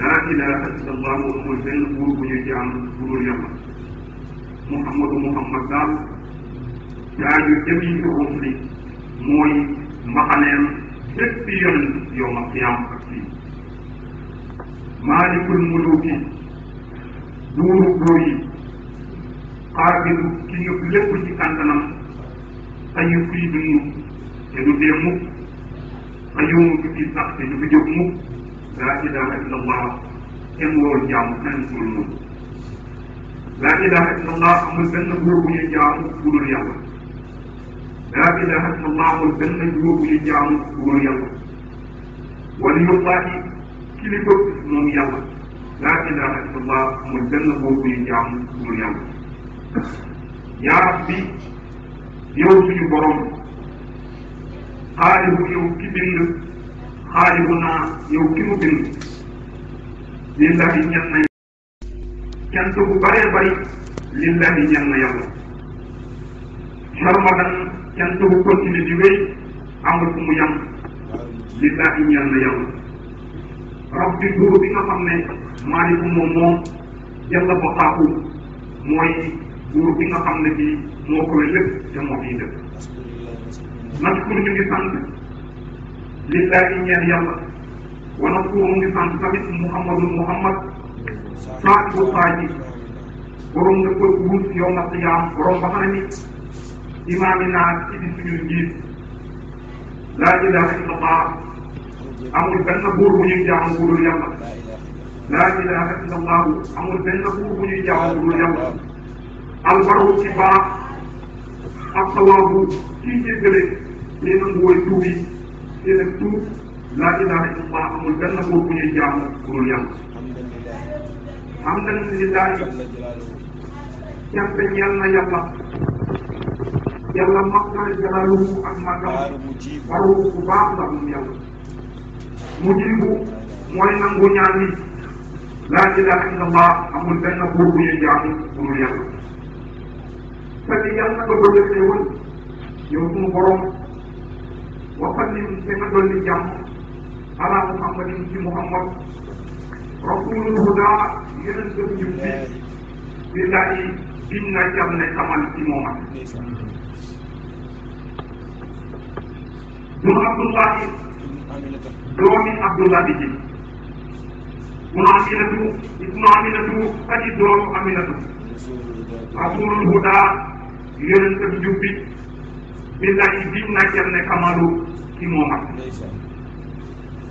laa ilaha illa allah amul benn buur bu ñuy jaam bu dul yàlla muhammadu muhammad daal jaañu jëm yi waxum li mooy mbaxaneem bépp yoon yow ma xiyaam ak fii maalikul muluki buuru buur yi xaabiru ki ñëpp lépp ci kàntanam ayu fii dund te du dee mukk ayumu bi fi sax te du fi jóg mukk La ilahe illallah emuwol jaamu nen dul mum la ilaha illallah amul benn buur bu ñu jaamu bu dul yàlla la ilaha illallah amul benn buur bu ñu jaamu bu dul yàlla waliyullahi la ilaha illallah amul benn buur bu ñu jaamu rabbi yow suñu borom xaalibu xaaliku naa yow ki mu bind lillahi ñan na cant bu bëree bëri lillahi ñan na yàlla sarmadan cant bu continue di wéy amul fu mu lillahi ñan na yàlla rabbi bi nga xam ne maaliku moom moom jalla ba xaaku mooy buur bi nga xam ne bi moo koy lépp te moo fii def naskur ñu ngi sant lillahi ñeel yàlla wala ku mu ngi sant tamit muhammad saat bu saaji borom nga ko wut yow ma qiyaam borom ba xam ne ni imaami naa illa allah amul benn buur bu ñuy jaamu bu dul yàlla laa ilaha illa allah amul benn buur bu ñuy jaamu te nag tuub laa ilaha illallah amul benn buur bu ñuy jaamu bu dul yàlla. alhamdulilah. cant ñeel na yàlla. yàlla mag na jalaaluhu ak magam waru bu baax la moom yàlla. mujibu mooy nangu ñaan yi. laa ilaha illallah amul benn buur bu ñuy jaamu bu dul yàlla. te yàlla nga bëgg a xéewal yow sunu borom. وسلم كما دول جام على محمد محمد رسول الهدى ينزل يمشي بالله إن جمنا كمال إماما من عبد الله دومي عبد الله بن من عمينته ابن عمينته أجي دوم عمينته رسول الهدى ينزل يمشي بالله إن جمنا كمال إماما ci moo mag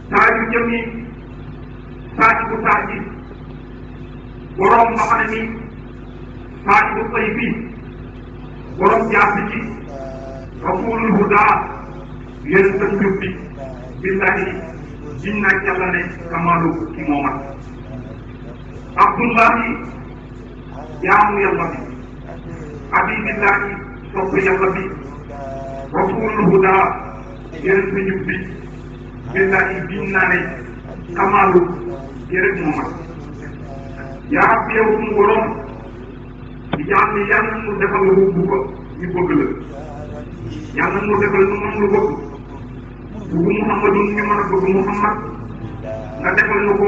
taaju jëmi taaj bu taaj bi borom ba xam ne ni taaj bu xëy bi borom jaasi ci rasulul hudaa yéen sa njub bi billahi biñ naa jàlla ne kamalu ci moo mag abdullahi jaamu yàlla bi habibillahi sopp yàlla bi rasulul hudaa yéen bi ñu bi billahi biñ naa ne kamaalu yéen mat yaa fi yow suñu borom di jaan ni defal la bu ko ñu bëgg la yàlla mu defal nu moom lu bëgg bu muhammadun ñu a bëgg muhammad nga defal na ko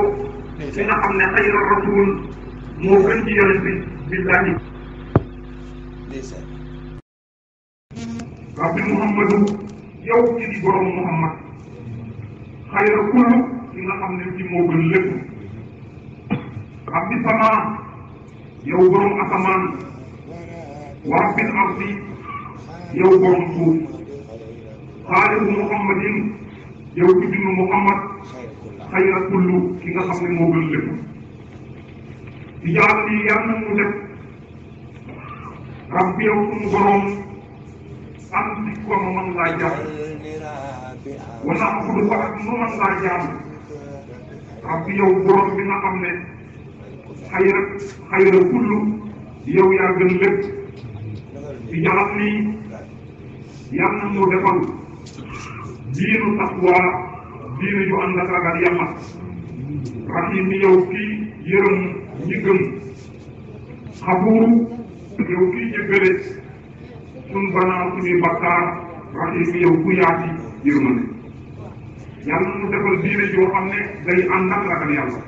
ci nga ne xayra rasul moo gën ci yonent bi billahi rabbi muhammadu yow ci di borom muhammad xayra kullu li nga xam ne ci moo gën lépp rabbi sama yow borom asamaan wa rabbil ardi yow borom suuf xaaliru muhammadin yow ci bindu muhammad xayra kullu ki nga xam ne moo gën lépp di jaal yi yàlla mu def rabbi yow sunu borom am di ko ma mën laa jàmm wala xul ko ak mu mën laa jàmm ak yow borom na xam ne xayra xayra kullu yow yaa gën lépp ci na mu defal diinu taqwa diinu ju ànd ak ragal yàlla rahim ni yow kii yërëm ñi gëm xabuuru yow kii jëggale suñu banaan suñuy bakkaar rahim yow ku yaati yërmande yàlla mu defal diine joo xam ne day ànd ak ragal yàlla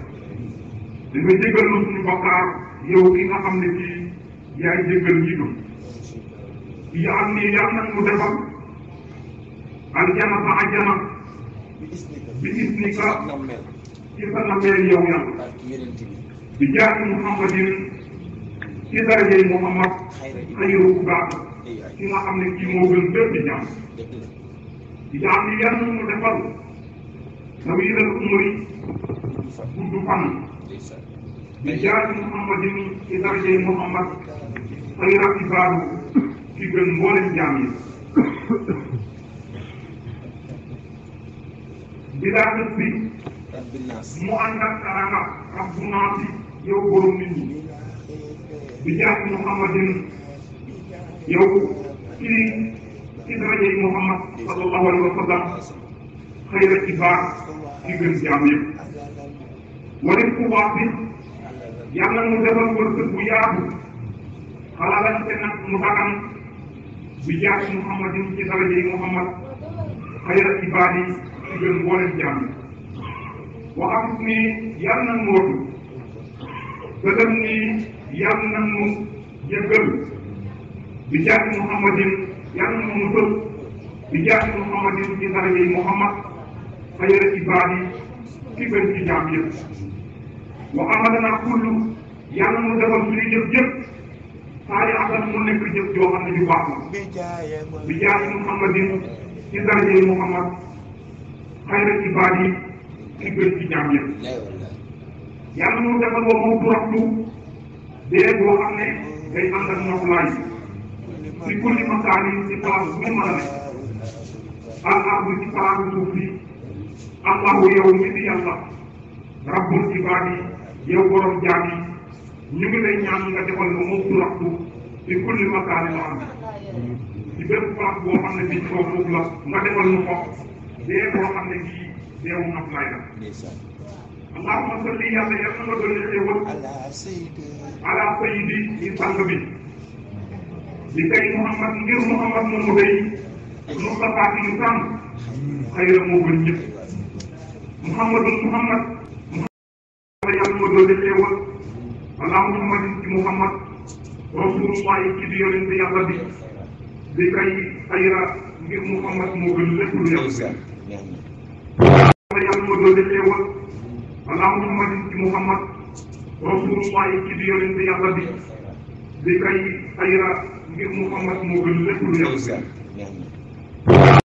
da nga jégal na suñu yow ki nga ne kii yaay jégal ñi dum ya am nii yàlla nag mu defal aljana ba ajjana bi isnika ci sa nameel yow yàlla bi jaar Muhammadin ci darajey Muhammad xayru baax ki nga xam ne kii moo gën bépp jàmm jaam yi yàlla mu defal dama yëgal umri gudd fan bi jaaji muhammadin ci darajey muhammad xayra ibaadu ki gën mboolem jaam yi bilaa dëkk bi mu ànd ak karama rabbu naasi yow borom nit ñi bi jaaji muhammadin yow ci ci daraja yi Muhammad sallallahu alayhi wa sallam xëy na ci baax ci gën jaam yëpp wala ku baax bi yàlla mu defal wërsëg bu yaatu xalaalante nag mu dagan bu yaatu Muhammad yi ci daraja yi Muhammad xëy na ci baax yi ci gën mboolem jaam yi waxam ni yàlla na nootu dëgëm ni yàlla na nu jëggal bi jaax muhammadin yàlla na mu tëb bi jaax muhammadin ci darajay muhammad fa ki gën ci jaam yëpp wa amadana kullu yàlla mu defal suñu jëf jëf saa yi asan mu nekk jëf joo xam ne ju baax muhammadin ci darajay muhammad xayra ibaadi ki gën ci jaam yëpp yàlla mu defal wa mawtu rabtu dee boo xam ne day ànd ak noflaay ci pour ñu mëntaane ci place bu allahu ci place suuf allahu yow mi di yàlla rabbul ibaad yi yow borom jaam yi ñu ngi lay nga defal ma moom su rabbu kulli makaani ma am ci bépp place boo xam ne bii kaw nga defal ma ko dee boo xam ne bii deewu naf laay def allahumma salli yàlla yàlla nga dolli xéewal ala sayidi di sang bi li tey Mouhamad ngir Mouhamad moom mu béy Moustapha ki ñu tànn xëy na moo gën ñëpp Mouhamadu Mouhamad Mouhamad yàlla moo doon defee woon ala Mouhamad ci Mouhamad rasulullah ci di yonent yàlla bi li tey xayra ngir Mouhamad moo gën lépp lu yàlla yàlla moo doon defee woon ala Mouhamad ci Mouhamad rasulullah ci di yonent yàlla bi li tey xayra ngir Muhammad moo gën lépp lu yàlla